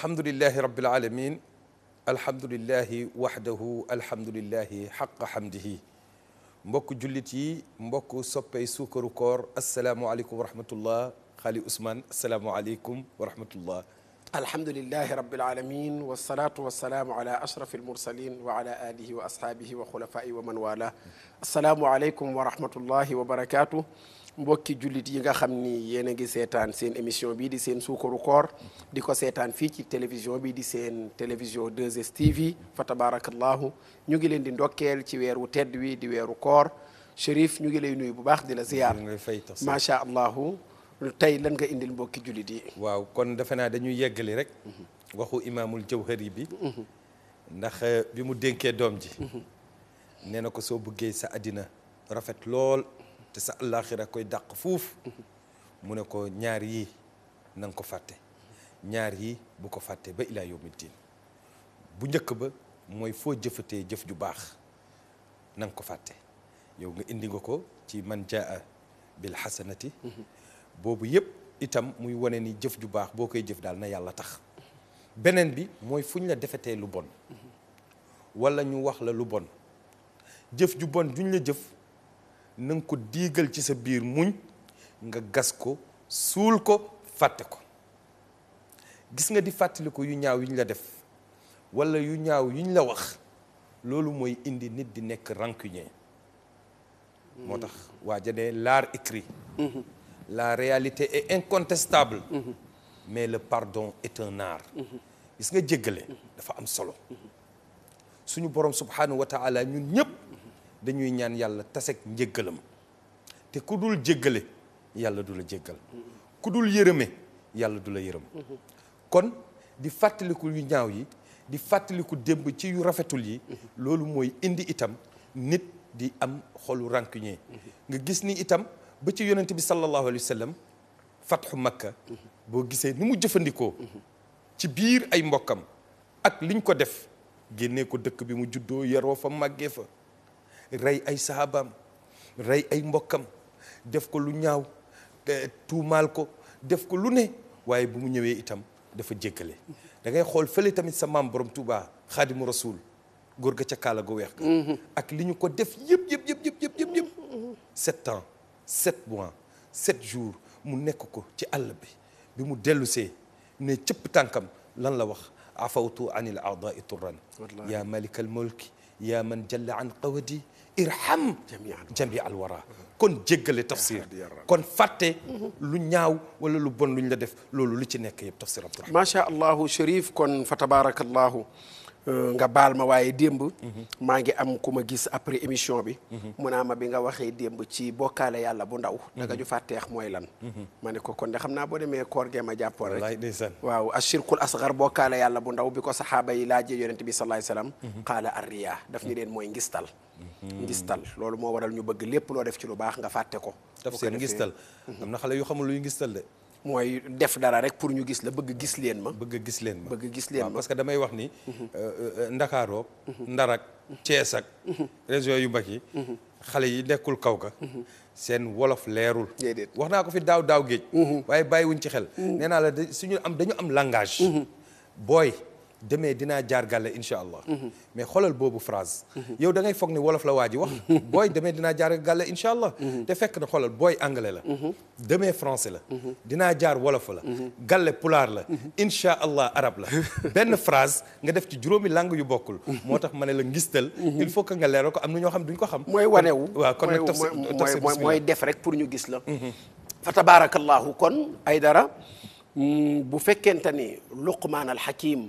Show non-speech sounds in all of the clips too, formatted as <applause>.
alhamdulilahi rabbil alamin alhamdulilahi waxdahu alhamdulilahi xaqa xamdihi mbokk jullit yi mbokk soppey suukaru koor asalaamualeykum wa rahmatullah xaali Ousmane asalaamualeykum wa rahmatullah alhamdulilahi rabbil alamin wasalaatu wasalaamu ala ashraf almursalin wa ala alihi wa ashaabihi wa xulafaa'i wa man wala asalaamualeykum wa rahmatullahi wa barakatuh mbokki jullit yi nga xam ni yéen a ngi seetaan seen émission bi di seen suukaru koor di ko seetaan fii ci télévision bi di seen télévision 2STV fa tabarakallahu ñu ngi leen di ndokkeel ci weeru tedd wi di weeru koor Chérif ñu ngi lay nuyu bu baax di la ziyaar macha allahu tey lan nga indil mbokki jullit yi waaw kon defe naa dañuy yeggali rek mhm. waxu imaamul jawhari bi mhm. ndax bi mu dénkee doom ji mhm. nee na ko soo buggee sa addina rafet lool te sa àllaaxira koy dàq fuuf mu ne ko ñaar yi nanga ko fàtte ñaar yi bu ko fàtte ba ilaa yawmi diin bu njëkk ba mooy foo jëfatee jëf ju baax nanga ko fàtte yow nga indi nga ko ci man jaa bil xasanati boobu yëpp itam muy wane ni jëf ju baax boo koy jëf daal na yàlla tax beneen bi mooy fu ñu la defetee lu bon wala ñu wax la lu bon jëf ju bon juñ la jëf na nga ko diigal ci sa biir muñ nga gas ko suul ko fàtte ko gis nga di fàttaliku yu ñaaw yuñ la def walla yu ñaaw yuñ la wax loolu mooy indi nit di nekk rancunier mm-hmm. moo tax waa ja ne l'art écrit mm-hmm. la réalité et incontestable mm-hmm. mais le pardon est un gis nga jéggale dafa am solo suñu borom subhanahu wa ñun ñëpp dañuy ñaan yàlla taseg njëggalam te ku dul jéggale yàlla du la jéggal ku dul yërëme yàlla du la yërëm kon di fàttaliku yu ñaaw yi di fàttaliku démb ci yu rafetul yi loolu mooy indi itam nit di am xolu rancunier nga gis ni itam ba ci yonent bi sallallahu alayhi wa fatxu makka boo gisee ni mu jëfandikoo ci biir ay mbokkam ak liñ ko def génnee ko dëkk bi mu juddoo yaroo fa màggee fa rey ay sahabaam rey ay mbokkam def ko lu ñaaw tuumaal ko def ko lu ne waaye bu mu ñëwee itam dafa jéggale dangay xool fële tamit sa maam borom Touba xaadimu rasul góor ga ca kaala gu weex mhm. ak li ñu ko def yëpp yëpp yëpp yëpp yëpp yëpp sept ans sept mois sept jours mu nekk ko ci àll bi bi mu dellu dellusee ne cëpp tànkam lan la wax afawtu anil aadai turan yaa malikal mulki yaa man jalla an qawadi irham jami al wara kon jéggale tafsir kon fàtte lu ñaaw wala lu bon luñ la def loolu lu ci nekk yëpp tafsir abdourahman macha allahu chérif kon fa tabaarakallahu Euh, nga baal ma waaye démb. Mhm. maa ngi am ku ma gis après émission bi. Mhm. mu naa ma bi nga waxee démb ci bokkaale yàlla bu ndaw. Mhm. danga ju fàtteex mooy lan. ma ne ko kon de xam naa boo demee koor gee ma jàppoon rek. waaw ashirkul asgar bokkaale yàlla bu ndaw bi ko saxaaba yi laajee yonent bi salaay salaam. qaala arriya daf ni leen mooy ngistal. ngistal loolu moo waral ñu bëgg lépp loo def ci lu baax nga fàtte ko. daf seen ngistal am na xale yu xamul luy ngistal de. mooy def dara rek pour ñu gis la bëgg gis leen ma. bëgg gis leen ma bëgg gis leen ma parce que damay wax ni. Ndakaarook. Ndarak Cees ak. Mhm. Mhm. Mhm. région yu mag yi. xale yi nekkul kaw ka seen wolof leerul. déedéet wax naa ko fi daaw daaw géej. waaye bàyyiwuñ ci xel. nee naa la suñu am dañu am langage. booy. demee dinaa jaar gàlle incha allah. Mhm. mais xoolal boobu phrase. Mhm. yow da ngay foog ni wolof la waa ji wax. Mhm. <laughs> booy deme dinaa jaar gàlle incha allah. te fekk na booy anglais la. demee français la. dina jaar wolof la. gàlle pulaar la. incha allah arab la <laughs> benn frase nga def ci juróomi langue yu bokkul. moo tax ma ne la ngistal. il faut que nga leeral ko am na ñoo xam duñ ko xam. mooy wanewu waaw kon nag mooy mooy def rek pour ñu gis la. fa tabaarakallahu kon ay dara mm, bu fekkente ni luqmaan al hakim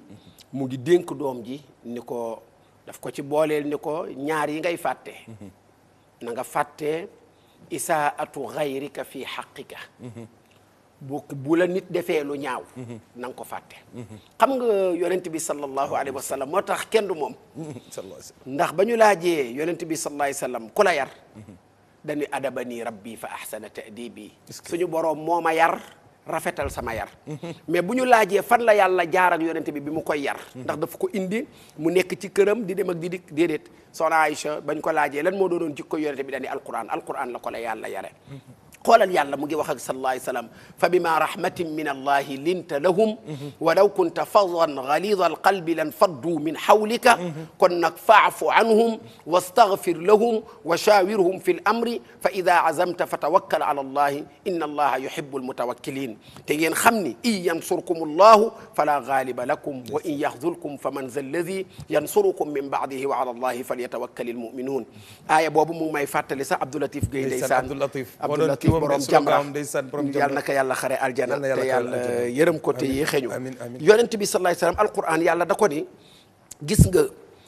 mu ngi dénk doom ji ni ko def ko ci booleel ni ko ñaar yi ngay fàtte mhm. na nga fàtte isaatu xayrika fi xaqika mhm. bu bu la nit defee lu ñaaw mhm. na nga ko fàtte xam nga yonent bi sallallahu alayhi wa sallam moo tax kenn du moom ndax ba ñu laajee yonent bi sallallahu alayhi wa sallam ku la yar dañu adabani rabbi fa ahsana ta'dibi suñu boroom moo ma yar rafetal sama yar mais bu ñu laajee fan la yàlla jaarak ak yonent bi bi mu koy yar ndax dafa ko indi mu nekk ci këram di dem ak di dikk déedéet soxna Aïcha bañ ko laajee lan moo doonoon jikko yonent bi al dañi al alquran la ko la yàlla yare xoolal yàlla mu ngi wax ak sallallahu alayhi wa sallam fa bima rahmatin min allahi linta lahum wa law kunta fadan galida alqalbi lan faddu min hawlika kon nag faafu anhum wastaghfir lahum wa shawirhum fi l amri fa ida azamta fa tawakkal ala allahi inna allaha yuhibbu almutawakkilin te ngeen xam ni in yansurkum allahu fala galiba lakum wa in yaxzulkum fa man za alladi yansurukum min baadihi wa ala allahi falyatawakkal almuminuun aaya boobu mu ngi may fàttali sax Abdoulatif Gueye ndeysaan Abdoulatif borom jamra yal na ko yàlla xare aljana te yàlla eh, yërëm ko te yi xeñu yonent bi sa alayhi wasallam yàlla da ko ni gis nga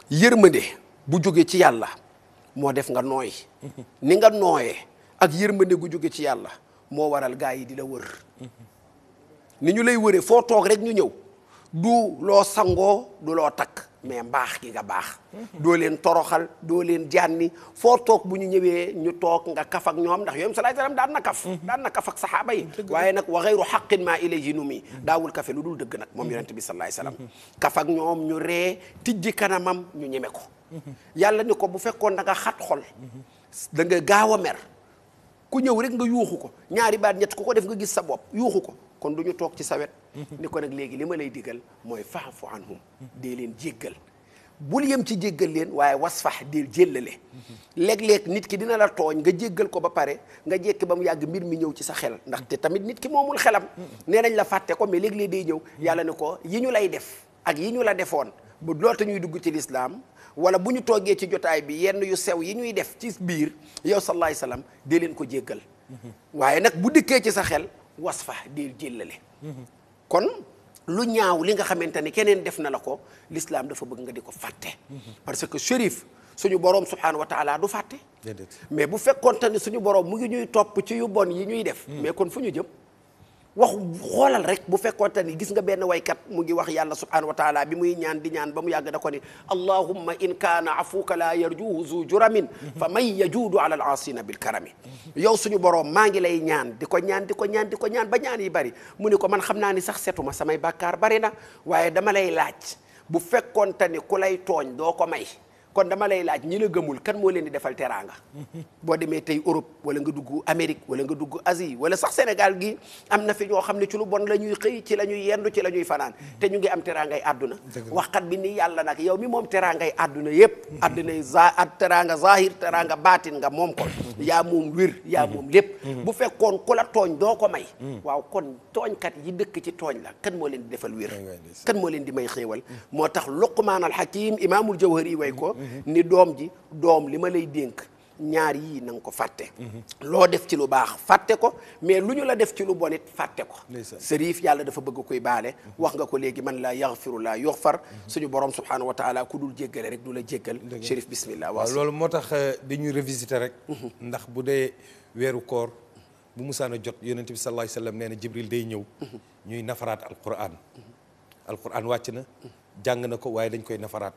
yërmande bu jóge ci yàlla moo def nga nooy <laughs> ni nga nooyee ak yërmande gu jóge ci yàlla moo waral gaa yi di la wër <laughs> ni ñu lay wëree foo toog rek ñu ñëw du loo sangoo du loo takk mais mbaax gi nga baax doo leen toroxal doo leen jànni foo toog bu ñu ñëwee ñu toog nga kaf ñoom ndax yooyu salaay salaam daan na kaf mhm. daan na kafak ak saxaaba yi waaye nag wa xayru xaqin maa ilayhi numi mhm. daawul kafe lu dul dëgg nag moom yonent bi salaay salaam mhm. kaf ak ñoom ñu ree tijji kanamam ñu ñeme ko yàlla ni ko bu fekkoon da nga xat xol da nga gaaw a mer ku ñëw rek nga yuuxu ko ñaari baat ñett ku ko def nga gis sa bopp yuuxu ko kon du ñu toog ci sawet wet <laughs> ni ko nag léegi li ma lay digal mooy faafu anhum dee leen jéggal bul yem ci jéggal leen waaye was wasfax deel jéllale <laughs> léeg-léeg nit ki dina la tooñ nga jéggal ko ba pare nga jekki ba mu yàgg mbir mi ñëw ci sa xel ndaxte tamit nit ki moomul xelam <laughs> nee nañ la fàtte ko mais léeg-léeg day ñëw yàlla ne ko yi ñu lay def ak yi ñu la defoon bu loota ñuy dugg ci lislaam wala bu ñu toogee ci jotaay bi yenn yu sew yi ñuy def ci biir yow sallallahu alayhi wasallam leen ko jéggal waaye nag bu dikkee ci sa xel wasfa deel jëllale mhm. kon lu ñaaw li nga xamante ne keneen def na la ko l'islam dafa bëgg nga di ko fàtte mhm. parce que shérif suñu borom subhaanahu wa taala du fàtte mais bu fekkoonte ne suñu borom mu ngi ñuy topp ci yu bon yi ñuy def mhm. mais kon fu ñu jëm waxu xoolal rek bu fekkoonte ni gis nga benn waykat mu ngi wax yàlla subhanahu wa taala bi muy ñaan di ñaan ba mu yàgg da ko ni allahumma in kaana afuka la yarjuhu zu juramin fa may yajuudu ala al asina bil karami yow suñu borom maa ngi lay ñaan di ko ñaan di ko ñaan ko ñaan ba ñaan yi bari mu ni ko man xam naa ni sax setuma samay bàkkaar bari na waaye dama lay laaj bu fekkoonte ni ku lay tooñ doo ko may kon dama lay laaj ñi la gëmul kan moo leen di defal teraanga <laughs> boo demee tey Europe wala nga dugg Amérique wala nga dugg Asie wala sax Sénégal gi am na fi ñoo xam ne ci lu bon la ñuy xëy ci la ñuy yendu ci la ñuy fanaan mm-hmm. te ñu ngi am teraangay àdduna waxkat bi ni yàlla nag yow mi moom teraangay àdduna yépp mm-hmm. àddunay za at teraanga zahir teraanga baatin nga moom ko mm-hmm. yaa moom wir yaa moom lépp bu fekkoon ku la tooñ doo ko may waaw kon tooñkat yi dëkk ci tooñ la kan moo leen di defal wir kan moo leen di may xéewal moo tax Luqmaanal Hakim imaamul Jawhari way ko ni doom ji doom li ma lay dénk ñaar yi na nga ko fàtte loo def ci lu baax fàtte ko mais lu ñu la def ci lu bon it fàtte ko sërif yàlla dafa bëgg koy baale wax nga ko léegi man laa yaxfiru laa yuxfar ñu borom subhaanahu wa taala ku dul jéggale rek du la jéggal chérif bismillah waaw loolu moo tax euh, dañuy revisiter rek mhm. ndax bu dee weeru koor bu musaana jot yonent bi sallallahu alayhi wasallam nee na jibril day ñëw mhm. ñuy nafaraat alquran mhm. alquran wàcc na jàng na ko waaye dañ koy nafaraat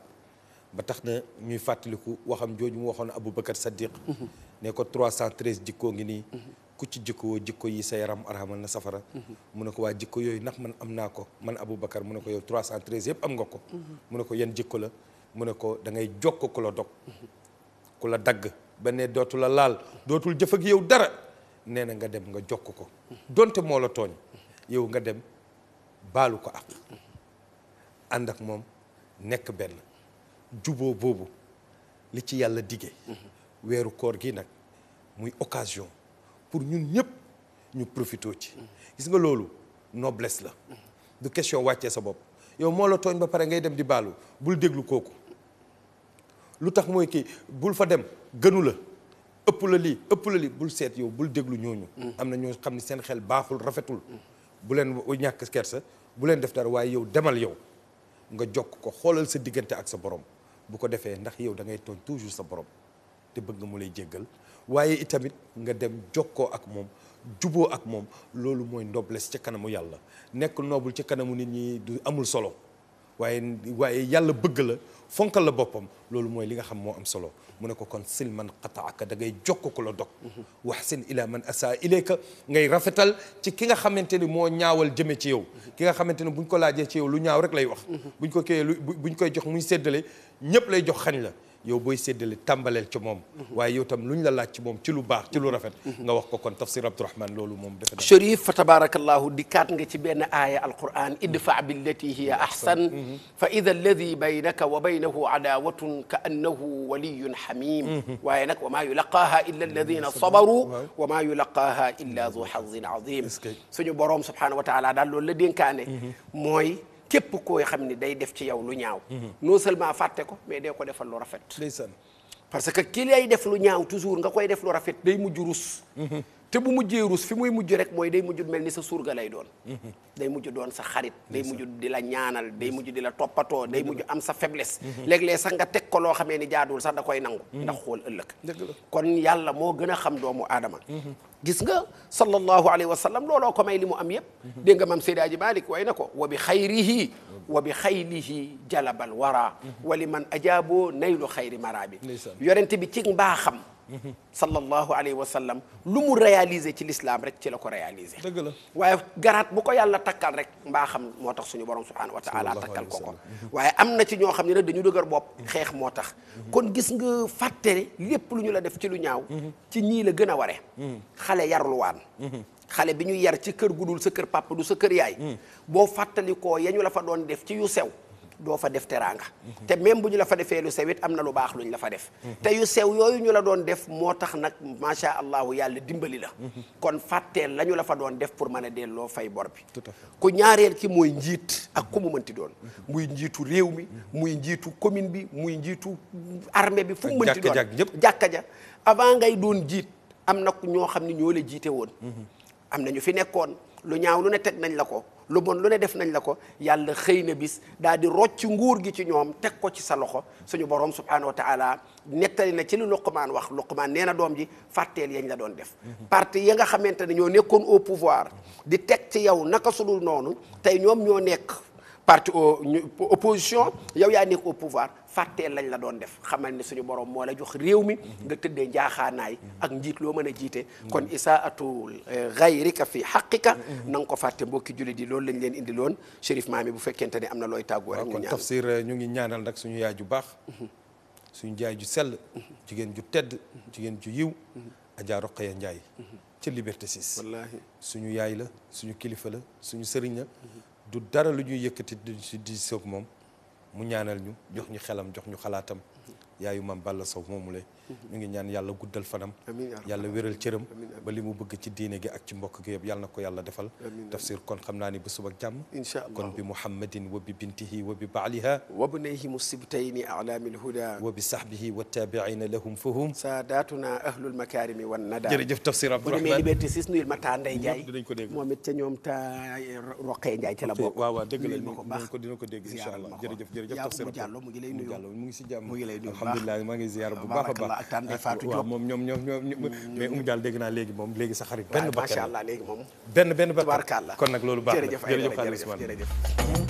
ba tax na ñuy fàttaliku waxam jooju mu waxoon abu Aboubacar Saddiq ne ko 313 jikkoo ngi nii ku ci jikkoo jikko yi sa yaram arhamal na safara mu ne ko waa jikko yooyu ndax man am naa ko man Aboubacar mu ne ko yow 313 yëpp am nga ko mu ne ko yan jikko la mu ne ko dangay ngay jokk ku la dog ku la dagg ba ne dootu la laal dootul jëf ak yow dara nee na nga dem nga jokk ko donte moo la tooñ yow nga dem baalu ko ak ànd ak moom nekk benn juboo boobu li ci yàlla dige weeru koor gi nag muy occasion pour ñun ñëpp ñu profité ci gis nga loolu noblesse la du question wàccee sa bopp yow moo la tooñ ba pare ngay dem di baalu bul déglu kooku lu tax mooy kii bul fa dem gënu la ëpp la lii ëpp la lii bul seet yow bul déglu ñooñu am na ñoo xam ne seen xel baaxul rafetul bu leen ñàkk kersa bu leen def dara waaye yow demal yow nga jokk ko xoolal sa diggante ak sa borom bu ko defee ndax yow dangay ngay tooñ toujours sa borom te bëgg nga mu lay jéggal waaye itamit nga dem jokkoo ak moom juboo ak moom loolu mooy si ci kanamu yàlla nekk noble ci kanamu nit ñi du amul solo waaye waaye yàlla bëgg la fonkal la boppam loolu mooy li nga xam moo am solo mu ne ko kon sil man qataaka da ngay ko ku la dog wax sin ila man asa ilayka ngay rafetal ci ki nga xamante ni moo ñaawal jëme ci yow ki nga xamante ni buñ ko laajee ci yow lu ñaaw rek lay wax buñ ko kiyee lu buñ koy jox muy séddale ñëpp lay jox xañ la yow booy séddale tàmbaleel ci moom waaye yow tam lu ñu la laaj ci moom ci lu baax ci lu rafet nga wax ko kon tafsir abdourahman loolu moom defe na chérif fa tabarakallahu di kaat nga ci benn aaya alquran idfa billati hiya ahsan fa ida alladi baynaka wa baynahu adawatun ka annahu waliyun hamim waaye nag wa maa yulaqaaha illa alladina sabaru wa maa yulaqaaha illa du xazin azim suñu boroom subhanahu wa taala daal loolu la dénkaane mhm. mooy képp koo xam ni day def ci yow lu ñaaw mhm. non seulement fàtte ko mais dee ko defal lu rafet ndeysaan parce que ki lay def lu ñaaw toujours nga koy def lu rafet day mujj rus mhm. te bu mujjee rus fi muy mujj rek mooy day mujj mel ni sa surga lay doon day mujj doon sa xarit day mujj di la ñaanal day mujj di la toppatoo day mujj am sa faiblesse mhm. léeg-léeg sax nga teg ko loo xamee ni jaaduwul sax da koy nangu mhm. ndax xool ëllëg kon yàlla moo gën a xam doomu aadama mhm. gis nga sallallahu alayhi wa sallam looloo ko may li mu am yëpp dégg nga maam Seydi Aji Malik way na ko wa bi xayrihi wa bi xaylihi jalabal wara wa li man ajaaboo naylu xayri mara bi yonente bi ci mbaaxam sallallahu alayhi wa sallam lu mu réaliser ci l'islam rek ci la ko réaliser dëgg la waaye garaat bu ko yàlla takkal rek mbaa xam moo tax suñu borom subhanahu wa taala takkal ko ko mhm. waaye am na ci ñoo xam ne nag dañu dëgër bopp mhm. xeex moo tax mhm. kon gis nga fàttere lépp lu ñu la def ci lu ñaaw ci ñii la gën a ware xale yarluwaan xale bi ñu yar ci kër gudul sa kër papa du sa kër yaay boo fàttalikoo yañu la fa doon def ci yu sew doo fa def teraanga te même bu ñu la fa defee lu sewit am na lu baax luñ la fa def te yu sew yooyu ñu la doon def moo tax nag macha allahu yàlla dimbali la kon fàtteel la ñu la fa doon def pour mën a delloo fay bor bi ku ñaareel ki muy njiit ak ku mu mënti doon muy njiitu réew mi muy njiitu commune bi muy njiitu armée bi fu mu mënti doon jàkka ja avant ngay doon jiit am na ñoo xam ne ñoo la jiite woon mm-hmm. am na ñu fi nekkoon lu ñaaw lu ne teg nañ la ko lu bon lu ne def nañ la ko yàlla xëy na bis daal di rocc nguur gi ci ñoom teg ko ci sa loxo suñu borom subhaanahu wa taala nettali na ci li Luqmaan wax Luqmaan nee na doom ji fàtteel yañ la doon def mhm. parti ya nga xamante ne ñoo nekkoon au pouvoir di teg ci yow naka sudul noonu tey ñoom ñoo nekk parti opposition yow yaa nekk au pouvoir fàttee lañ la doon def xamal ni suñu borom moo la jox réew mi mhm. nga tëddee njaaxaanaay mhm. ak njiit loo mën a jiite mhm. kon isaatul eh, gayrika fi xaqika na ko fàtte mbokki jullit yi loolu lañ leen indi loon Chérif Maami bu fekkente ne am na looy tàggoo rek kon tafsir eh, ñu ngi ñaanal nag suñu yaay ju baax suñu jaay ju sell jigéen ju tedd jigéen ju yiw Adja Roqaya Njaay ca Liberté 6 wallaahi suñu yaay la suñu kilifa la suñu sëriñ la du dara lu ñuy yëkkati di soog moom mu ñaanal ñu jox ñu xelam jox ñu xalaatam yaayu maam Balla Sow moomule ñu ngi ñaan yàlla guddal mu bëgg ci diine gi ak ci mbokk gi yëpp ko yàlla defal tafsir kon xam naa bu suba jàmm kon bi muhammadin wa bi bintihi wa bi baaliha wa bunayhi musibtayni alaamil huda bi sahbihi wa taabiina lahum fahum saadatuna ahlul makarimi wan nada jërëjëf tafsir abdourahman bu demee liberté six nuyul la bokk waaw waaw dëgg la ko baax mu ngi lay nuyu mu ngi si jàmm mu ngi lay nuyu a ak taan day ah, faatu Diop moom ñoom ñoom ñoom mais umu daal dégg naa léegi moom léegi sa xarit benn bakkan macha allah léegi moom benn benn bakkan tubaarkàlla kon nag loolu baax na jërëjëf jërëjëf